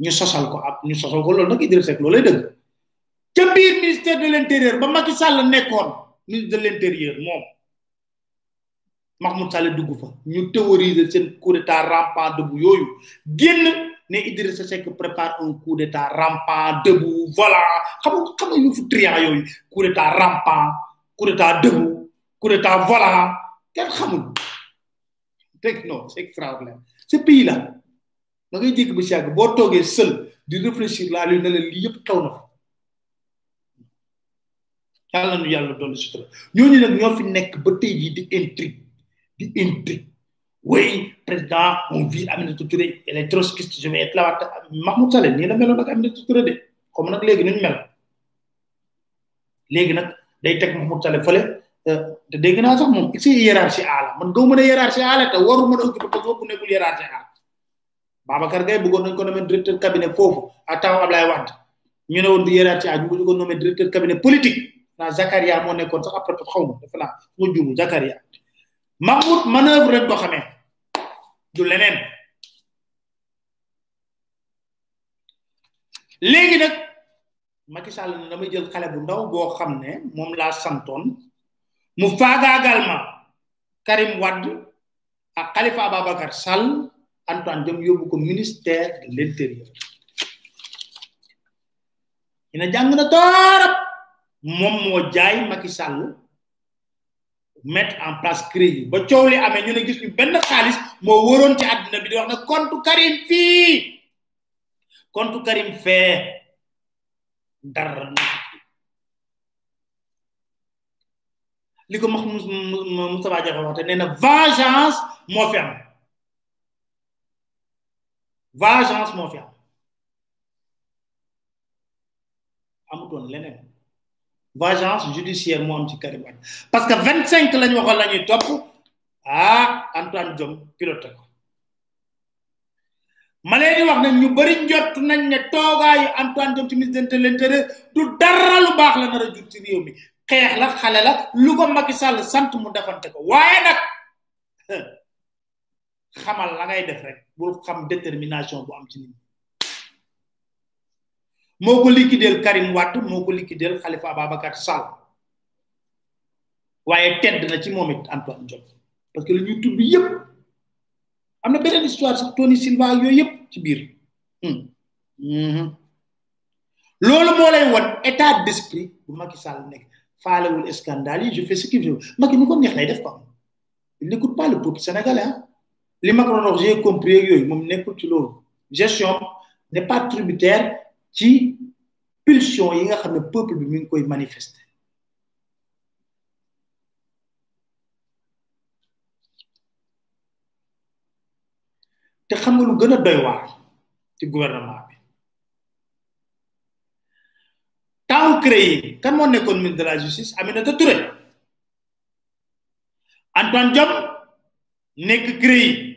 ñu sosal ko ab ñu sosal ko loolu nag Idrissa Seck loolay dëgg ca biir ministère de l' intérieur ba Macky Sall nekkoon ministre de l'Intérieur, intérieur moom Mahmoud Sall dugg fa ñu théoriser seen coup d'état rampant dëgg yooyu génn. ne Idrissa Seck prépare un coup d'état rampant debout voilà xam nga xam nga ñu fu triant yooyu coup d'état rampant coup d'état debout coup d'état voilà kenn xamul dégg non c'est extraordinaire ce pays là da ngay ba si yàgg boo toogee seul di réfléchir laa lu ne la lii yëpp xew na fa yàlla nu yàlla doon sutura ñooñu nag ñoo fi nekk ba tey jii di intrigue di intrigue oui président on vit Aminata Touré et les trotskistes je vais être là Mahmoud Saleh nii la meloon ak Aminata Touré de comme nag léegi ñu mel léegi nag day teg Mahmoud Saleh fële euh, te dégg naa sax moom si hiérarchie A la man gaw mën a hiérarchie te waru mën a occupé poste bu A Babacar Gaye bëggoon ko nommer directeur cabinet foofu à temps Ablaye Wade ñu ne woon di hiérarchie A ko nommer directeur cabinet politique naa Zakaria moo nekkoon sax après xaw ma dafa naa su ma juumu Zakaria Mahmoud manœuvre du leneen léegi nag Macky Sall jël xale bu ndaw boo xam ne moom laa santoon mu faagaagal ma Karim Wade ak Khalifa Ababacar Sall Antoine Diome yóbbu ko ministère de l'intérieur dina jàng na torop moom moo jaay Macky mettre en place créer ba coow li ñu ne gis ñu benn mo ci bi di wax compte Karim fi compte Karim dar li wax vengeance mo vengeance tu fi am vengeance judiciaire moo am ci Karim parce que vingt cinq la ñu waxoon la ñuy topp ah Antoine Diom pilote ko ma leen di wax ne ñu bëri njott nañ ne toogaayu Antoine Diom ci ministre de l'intérieur du dara lu baax la nar a jur ci réew mi xeex la xale la lu ko Macky Sall sant mu defante ko waaye nag xamal la ngay def rek bul xam détermination bu am ci nit moo ko liquideel Karim Wade moo ko liquideel Khalifa Ababacar Sall waaye tedd na ci moom it Antoine Diome parce que lu ñuy tudd yëpp am na beneen histoire sax Tony Silva yooyu yëpp ci biir hmm. Hmm. loolu moo lay won état d'esprit bu Macky Sall nekk faalewul scandale yi je fais ce qu'il veut Macky nu ko neex lay def quoi il n'écoute pas le peuple sénégalais li Macron wax yooyu moom nekkul ci loolu gestion n'est pas tributaire ci pulsion yi nga xam ne peuple bi mi ngi koy manifester te xam nga lu gën a doy waar ci gouvernement bi temps créé kan moo nekkoon ministre de la justice Aminata Touré Antoine Diome nekk créé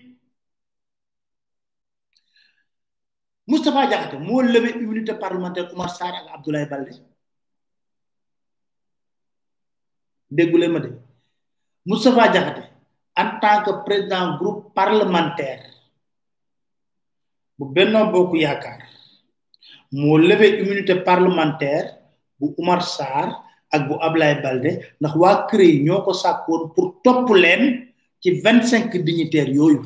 Moustapha Diakhaté mo levé unité parlementaire Oumar Sarr ak Abdoulaye Baldé déggulé ma dé Moustapha Diakhaté en tant que président groupe parlementaire bu benno bokku yaakar mo levé immunité parlementaire bu Oumar Sarr ak bu Abdoulaye Baldé ndax wa créé ñoko sakkoon pour top len ci 25 dignitaires yoyu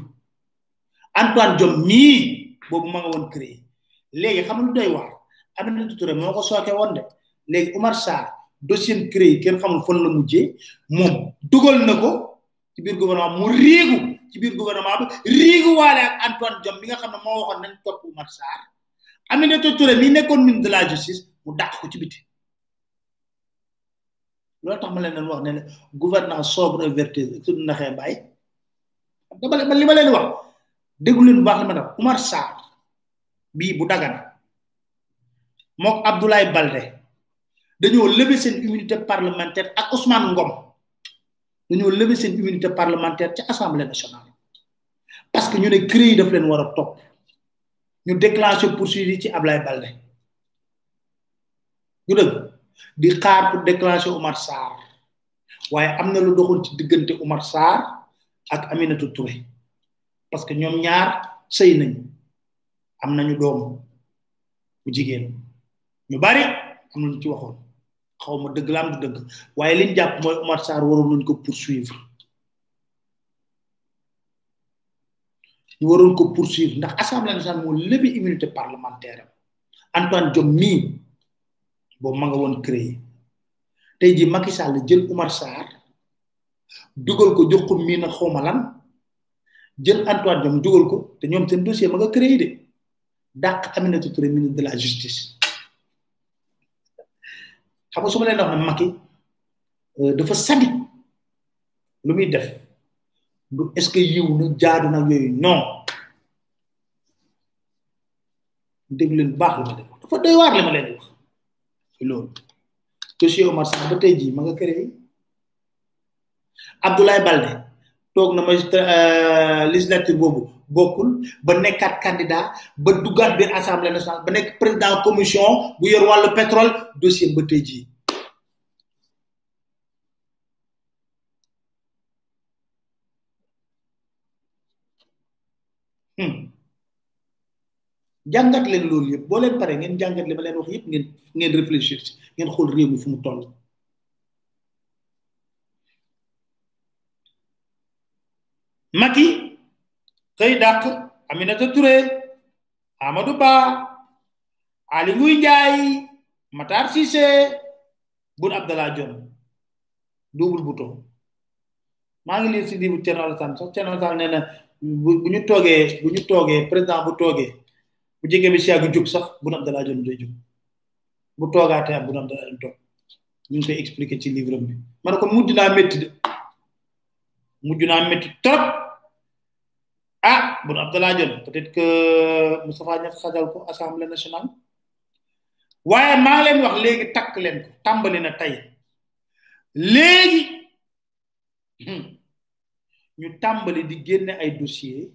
Antoine Diom mi bobu ma nga won créé léegi xam lu doy waar Aminata Touré moo ko sooke woon de léegi Umar Sarr dossier créé kenn xam xamul fan la mujjee moom dugal na ko ci biir gouvernement mu riigu ci biir gouvernement bi riigu waale ak Antoine Diome bi nga xam ne moo waxoon nañ topp Umar Sarr Aminata Touré mi nekkoon ministre de la justice mu daat ko ci biti loolu tax ma leen doon wax ne ne gouvernance sobre et vertueuse su naxee baay dama li ma leen wax déglu leen bu baax li ma def bi bu Gana, mook Abdoulaye Baldé dañoo lever une immunité parlementaire ak Ousmane Ngom dañoo lever une immunité parlementaire ci assemblée nationale parce que ñu ne créé daf leen wara top, nous ñu déclenché poursuite ci Abdoulaye balde ñu dëgg di xaar pour déclencher Omar sar waye amna amené lu doxul ci digënté Omar Sarr ak Amine Touré parce que ñom ñaar sey nañu am nañu doom bu jigéen ñu bari am nañu ci waxoon xawma deug la am du deug waye liñ japp moy Omar Sarr waron nañ ko poursuivre ñu ko poursuivre ndax assemblée nationale mo lebi immunité parlementaire Antoine Diom mi bo ma nga won créer tay ji Macky Sall jël Omar Sarr dugal ko jox ko mi na xawma lan jël Antoine Diom dugal ko te ñom seen dossier ma nga créer de dak aminata touré ministre de la justice xam nga su ma leen wax ne Macky dafa sadi lu muy def du est ce que yiw na jaadu na yoy non dégg len bax lu def dafa doy war lima len wax wax loolu dossier Omar Sarr ba tey jii ma nga créé Abdoulaye Balde tok na ma euh législature bobu bokul ba nekkat candidat ba duggaat bir assemblée nationale ba nekk président commission bu yor walu pétrole dossier ba tey hmm. jii jàngat leen loolu yëpp boo leen pare ngeen li ma len wax yeb ngén ngén réfléchir ngén xol réew fu mu toll tey dàq Aminata Touré Amadou Ba Ali Nguy Ndiaye Matar Cissé Boun Abdallah Dionne double maa ngi lire si livre Thierno Alassane sax Thierno Alassane nee na bu ñu toogee bu ñu toogee président bu toogee bu jege bi si àgg jóg sax Boun Abdallah Dionne day jóg bu toogaatee ak Boun Abdallah Dionne toog ñu ngi koy expliqué ci livre bi ma ne ko mujj naa métti de mujj naa métti trop. ah bu Abdallah jël peut-être que Moustapha Niass sajal ko assemblée nationale waaye maa leen wax léegi takk leen tàmbali na tey léegi ñu tàmbali di génne ay dossier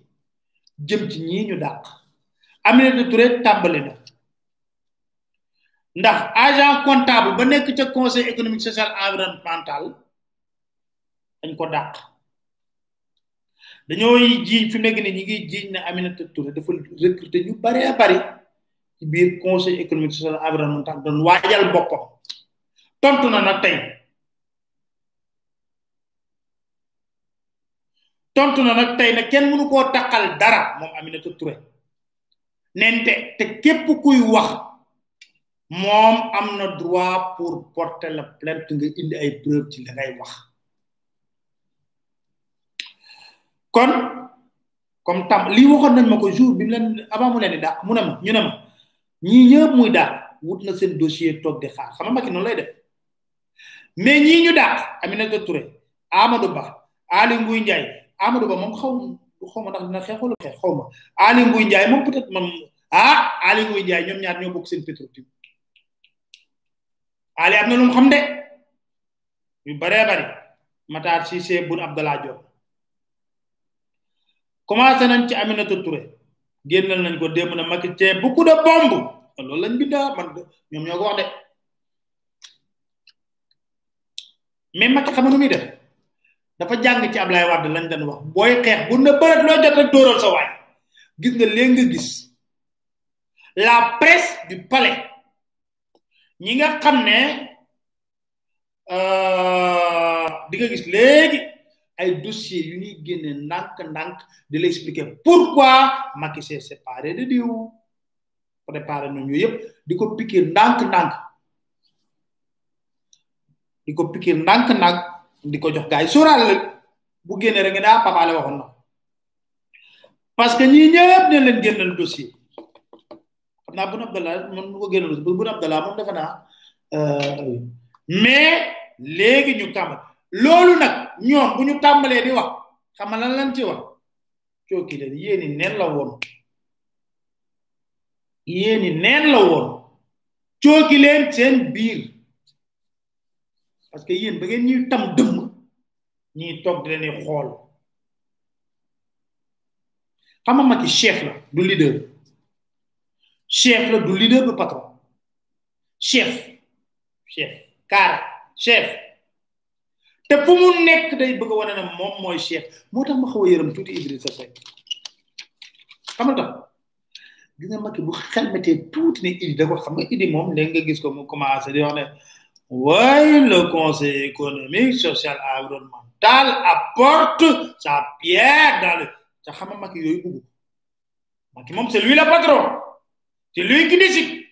jëm ci ñii ñu dàq Aminata Touré tàmbali na ndax agent contable ba nekk ca conseil économique social environnemental dañ ko dàq dañoo ji fi ne nekk nii ñu ngi jiiñ ne Aminata Touré dafa recruter ñu baree bari ci biir conseil économique social environnemental doon waajal boppam tontu na nag tey tontu na nag tey nag kenn mënu koo taqal dara moom Aminata Touré nente te képp kuy wax moom am na droit pour porter la plainte nga indi ay preuve ci la wax. kon comme tam lii waxoon nañ ma ko jour bi mu leen avant mu leen di mu ne ma ñu ñii ñëpp muy dàq wut na seen dossier toog di xaar xam nga Macky noonu lay def mais ñii ñu dàq Aminata Touré Amadou Ba Aly Ngouille Ndiaye Amadou Ba moom xaw xaw ma ndax dina xeex xaw ma Aly Ngouille Ndiaye moom peut-être moom ah Aly Ngouille Ndiaye ñoom ñaar ñoo bokk seen Petro-Tim Aly am na lu mu xam de yu baree bari Matar Cissé Boun Abdallah Diop commencé nañ ci aminatu Touré gennal nañ ko dem na Macky ci beaucoup de bombes lolou lañ binda man ñom ñoko wax dé même Macky xam nu mi def dafa jang ci Ablaye wad lañ dañ wax boy xex bu ne beurat lo jott rek dooral sa way gis nga léegi nga gis la presse du palais ñi nga xamné euh di nga gis légui ay dossier yu ñuy génne nank nank di la expliquer pourquoi Macky s'est séparé de diw préparé nañu yépp di ko piquer nank nank di ko piquer nank nank di ko jox gaay soral la bu génne rek nga ah, papa la waxon parce que ñi ñëpp ne leen gënal dossier na naa bu abdallah mon ko gënal bu abdallah moom defe euh mais légui ñu kàmbat lolu nak ñoom bu ñu tàmbalee di wax xamal lan lan ci wax cooki da yéeni neen la woon yéeni neen la woon cooki leen seen biir parce que yéen ba ngeen ñuy tam dëmm ñuy toog di leen xool xam nga Macky chef la du leader chef la du leader du patron chef chef car chef te fu mu nekk day bëgg wane na moom mooy cheikh moo tax ma xaw a yërëm tuuti sa Seck xam nga gis nga makki bu xelmetee tuuti ne Idi da ko xam nga Idi moom léegi nga gis ko mu commencé di wax ne waaye le conseil économique social environnemental apporte sa pierre dans le te xam nga makki yooyu bugg makki moom c'est lui le patron c'est lui qui décide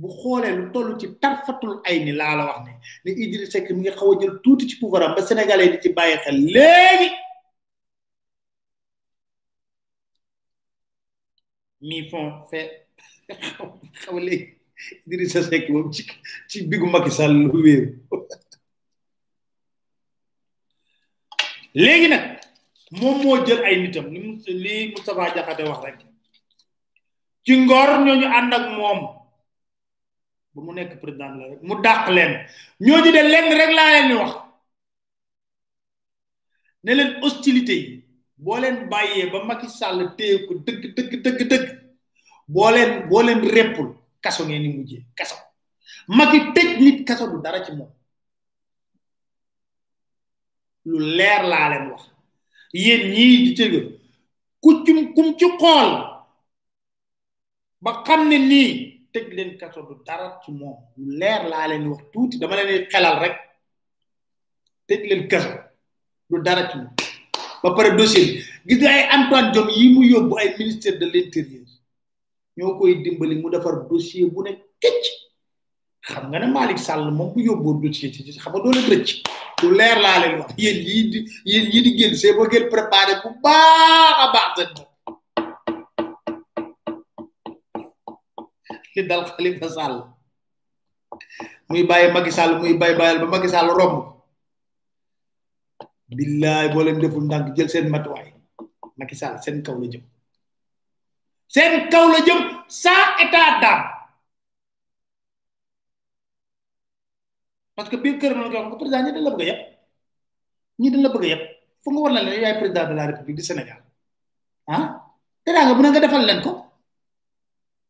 bu xoolee lu tollu ci tarfatul ay ni laa la wax ne ne Idrissa Seck mi ngi xaw a jël tuuti ci pouvoiram ba sénégalais di ci bàyyi xel léegi mi fon fe xaw léegi Idrissa Seck moom ci ci bigu Macky Sall lu wéeru léegi nag moom moo jël ay nitam li Moustapha jaxate wax rek ci ngor ñooñu ànd ak moom ba mu nekk président la mu dàq leen ñoo ñooñu de lenn rek laa leen wax ne leen hostilité yi boo leen bàyyee ba Macky Sall téye ko dëgg dëgg dëgg dëgg boo leen boo leen réppul kaso ngeen ni mujjee kaso Macky tëj nit kaso du dara ci moom lu leer laa leen wax yéen ñii di cëgg ku ci kum ci ba xam ne nii teg leen kaso du dara ci moom lu leer laa leen wax tuuti dama leen xelal rek tëj leen kaso du dara ci moom ba pare dossier gis nga ay Antoine Diome yi mu yóbbu ay ministère de l'intérieur ñoo koy dimbali mu defar dossier bu ne këcc xam nga ne Malick Sall moom bu yóbboo dossier ci xam nga doo leen leer laa leen wax yéen yii di yii di génn c'est ba ngeen préparé bu baax a baax seen bopp li dal khalifa sall muy baye magi Sall muy baye bayal ba magi Sall rom billahi bo len deful ndank jël sen matway magi Sall sen kaw la jëm sen kaw la jëm sa état d'âme parce que bir kër nga ko président ni dañ la bëgg yépp ni dañ la bëgg yépp fu nga war la lay président de la république du sénégal ah té nga bu nga defal len ko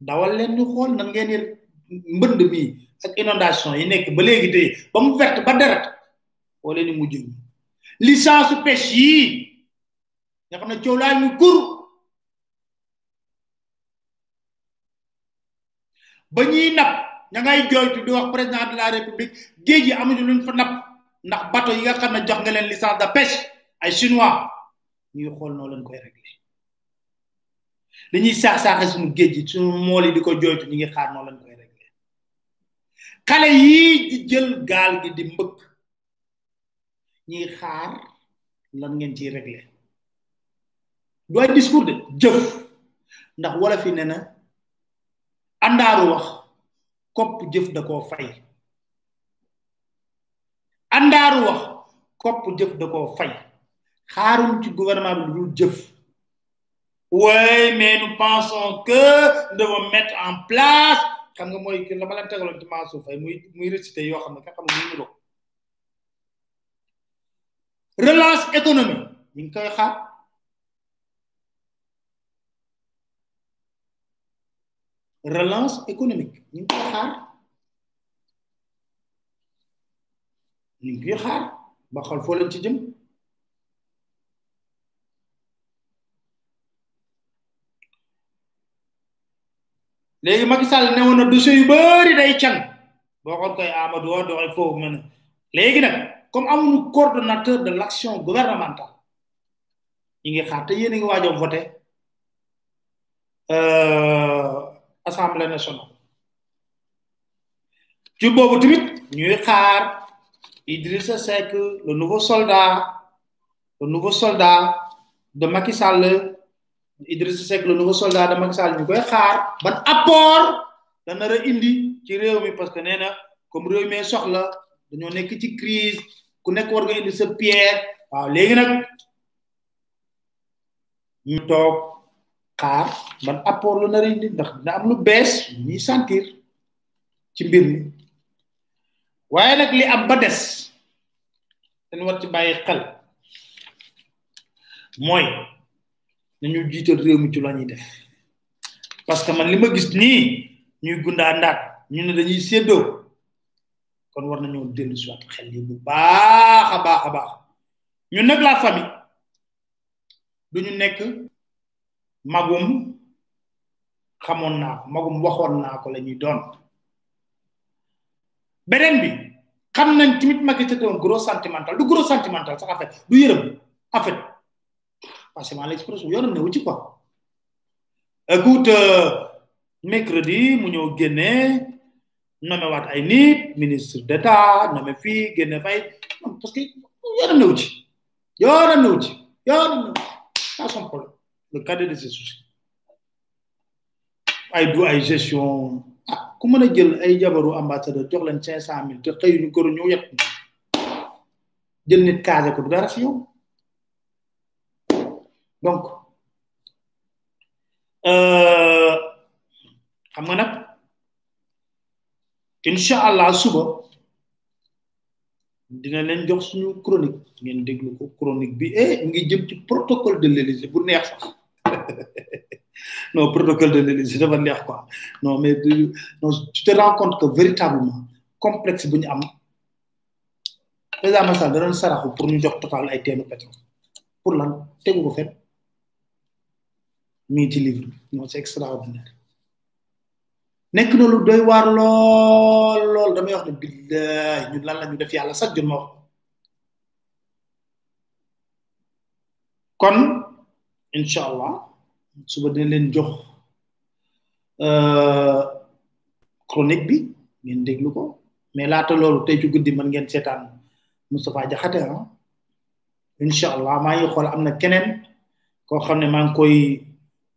dawal leen ñu xool nan ngeen di mbënd mi ak inondation yi nekk ba léegi tey ba mu verte ba deret boo leen di mujj licence pêche yii nga xam ne coow laa ñu kur ba ñuy napp ña ngay jooytu di wax président de la république géej yi amuñu luñ fa ndax bateau yi nga xam ne jox nga leen licence de pêche ay chinois ñuy xool noo leen koy réglé li ñuy saax-saaxe suñu géej gi suñu mool di ko jooytu ñu ngi xaar noonu lañ koy réglé xale yii jël gaal gi di mbëkk ñuy xaar lan ngeen ciy réglé du ay discours de jëf ndax walla fi ne na àndaaru wax kopp jëf da koo fay àndaaru jëf da koo fay xaarum ci gouvernement bi lu jëf Oui, mais nous pensons que nous devons mettre en place. xam nga mooy la mala la tegaloon ci Mansour fay muy muy récité yoo xam ne ka xam ne muy relance économique ñu ngi koy xaar relance économique ñu ngi koy xaar ñu ngi koy xaar ba xol foo leen ci jëm léegi Macky Sall ne woon na dossier yu bëri day can boo xoon koy Amadou Wa doxee foofu mën léegi nag comme amuñu coordonnateur de l'action gouvernementale ñi ngi xaar te yéen a ngi waaj euh, assemblée nationale ci boobu tamit ñuy xaar Idrissa Seck le nouveau soldat le nouveau soldat de Macky Idrissa ya, Seck ah, lu nouveau soldat de Macky ñu koy xaar ban apport da na a indi ci réew mi parce que nee comme réew mi soxla dañu nekk ci crise ku nekk war nga indi sa pierre waaw léegi nak ñu tok xaar ban apport lu na a indi ndax dina am lu bees ñi sentir ci mbir mi waye nak li am ba dess dañu war ci baye xel moy nañu jiital réew mi ci la ñuy def parce que man li ma gis nii ñuy gundaa ndaat ñu ne dañuy séddoo kon war nañoo dellu si waat xel yi bu baax a baax a baax ñu nag la famille ñu nekk magum xamoon naa magum waxoon naa ko la ñuy doon beneen bi xam nañ tamit Macky c'est un gros sentimental du gros sentimental sax en fait du yërëm en fait passer mal express yo na wuti ci quoi écoute mercredi mu ñeu génné nomé wat ay nit ministre d'état nomé fi génné fay parce que yo na wuti yo yow wuti yo ci ça son problème le cadre de ses soucis ay du ay gestion ah, ku mëna jël ay jabaru ambassadeur jox leen 500000 te xey ñu ko ñu yépp jël nit casé ko dara ci yow donc euh, xam nga nag allah suba dina len jox suñu chronique ngeen déglu ko chronique bi eh ngi jëm ci protocole de l'Élysée bu neex non protocole de l'Élysée dafa neex quoi non mais non tu te rends compte que véritablement complexe bu am président Macky Sall da doon saraxu pour ñu jox total ay teenu pétrole pour lan tegu ko fenn mii ci livre bi non c'est extraordinaire nekk na lu doy lool lool damay wax ne billaay ñu lan la ñu def yàlla sax jun ma wax kon incha allah suba dina leen jox euh, chronique bi ngeen déglu ko mais laata loolu tey ci guddi mën ngeen seetaan Moustapha Diakhaté ah incha allah maa ngi am na keneen koo xam ne maa koy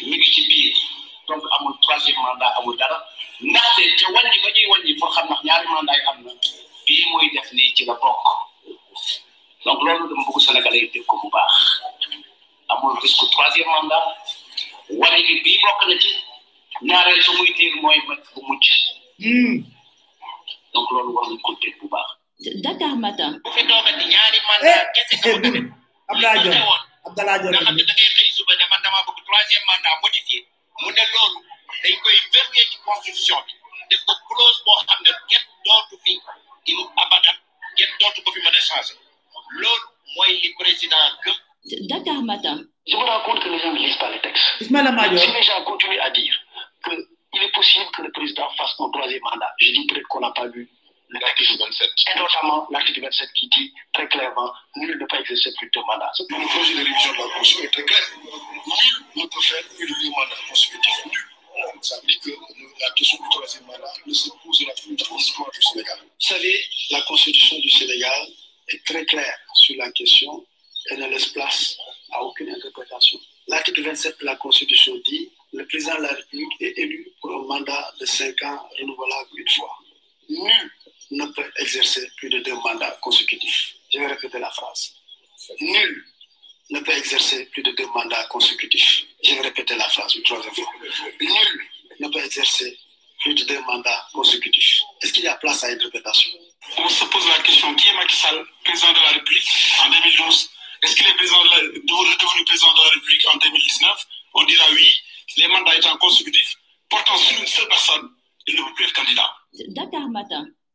mi ngi ci biir donc amul troisième mandat amul dara ndaxte ca wàññi ba ñuy wàññi pour xam ndax ñaari mandat yi am mooy def nii ci la bokk donc loolu dama bëgg Sénégalais yi dégg ko bu baax amul risque troisième mandat wàññi bi bii bokk na ci ñaareel su muy diir mooy mat bu mujj hmm. donc loolu war nañ ko dégg bu baax. Dakar Matin. fi doogati ñaari mandat kese. Eh, eh, Abdoulaye Dione su ba ne man damaa bëgg troisième mandat modifié mu ne loolu dañ koy verrouiller ci constitution bi def ko clause boo xam ne kenn dootu fi inu abadan kenn dootu ko fi mën a changé loolu mooy li président gëm. Dakar Matin. Je me rends compte que les gens ne lisent pas les textes. Si les gens continuent à dire qu'il est possible que le président fasse son troisième mandat, je dis peut-être qu'on n'a pas vu et notamment l'article 27 qui dit très clairement, nul ne peut exercer plus de mandat. Le projet de révision de la Constitution est très claire Nul ne peut faire plus de mandat est Ça veut dire que la question du troisième mandat ne se pose la plus du Sénégal. Vous savez, la Constitution du Sénégal est très claire sur la question et ne laisse place à aucune interprétation. L'article 27 de la Constitution dit le président de la République est élu pour un mandat de 5 ans renouvelable une fois. Nul ne peut exercer plus de deux mandats consécutifs. Je vais répéter la phrase. Nul ne peut exercer plus de deux mandats consécutifs. Je vais répéter la phrase une troisième fois. Nul ne peut exercer plus de deux mandats consécutifs. Est-ce qu'il y a place à interprétation On se pose la question qui est Macky Sall, président de la République en 2011 Est-ce qu'il est président de devenu président de la République en 2019 On dira oui. Les mandats étant consécutifs, portant sur une seule personne, il ne peut plus être candidat. D'accord, Matin.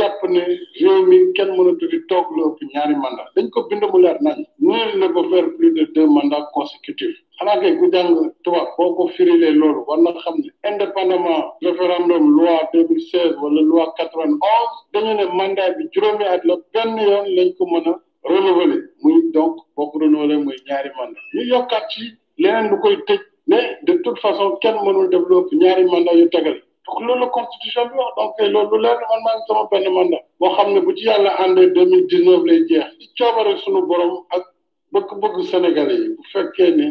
jàpp ne réew mi kenn mënatu di toog lu ëpp ñaari mandat dañ ko bind mu leer nañ nul ne peut faire plus de deux mandats consécutifs xanaa kay ku jàng tubaab boo ko firilee loolu war na xam ne indépendamment référendum loi deux mille seize wala loi quatre vingt onze dañu ne mandat bi juróomi at la benn yoon lañ ko mën a renouveler muy donc boo ko renouveler muy ñaari mandat ñu yokkaat ci leneen lu koy tëj mais de toute façon kenn mënu mënul développer ñaari mandat yu tegal loolu constitution bi loolu leer na man maa ngi sama benn mandat boo xam ne bu ci yàlla àndee deux mille dix neuf lay jeex ci coobare suñu borom ak bëgg-bëgg Sénégalais yi bu fekkee ne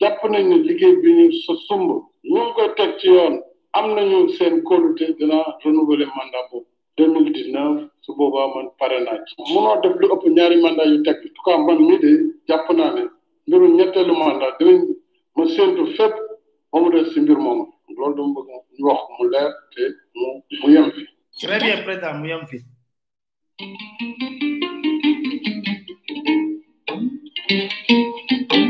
jàpp nañ ne liggéey bi ñu sa sumb ñu ngi koy teg ci yoon am nañu seen kóolute dina renouveler mandat boobu deux mille dix neuf su boobaa man pare naa ci munoo def lu ëpp ñaari mandat yu teg en man mii de jàpp naa ne mbiru ñetteelu mandat dinañ mu des si mbir moomu loolu dama bëgg te bien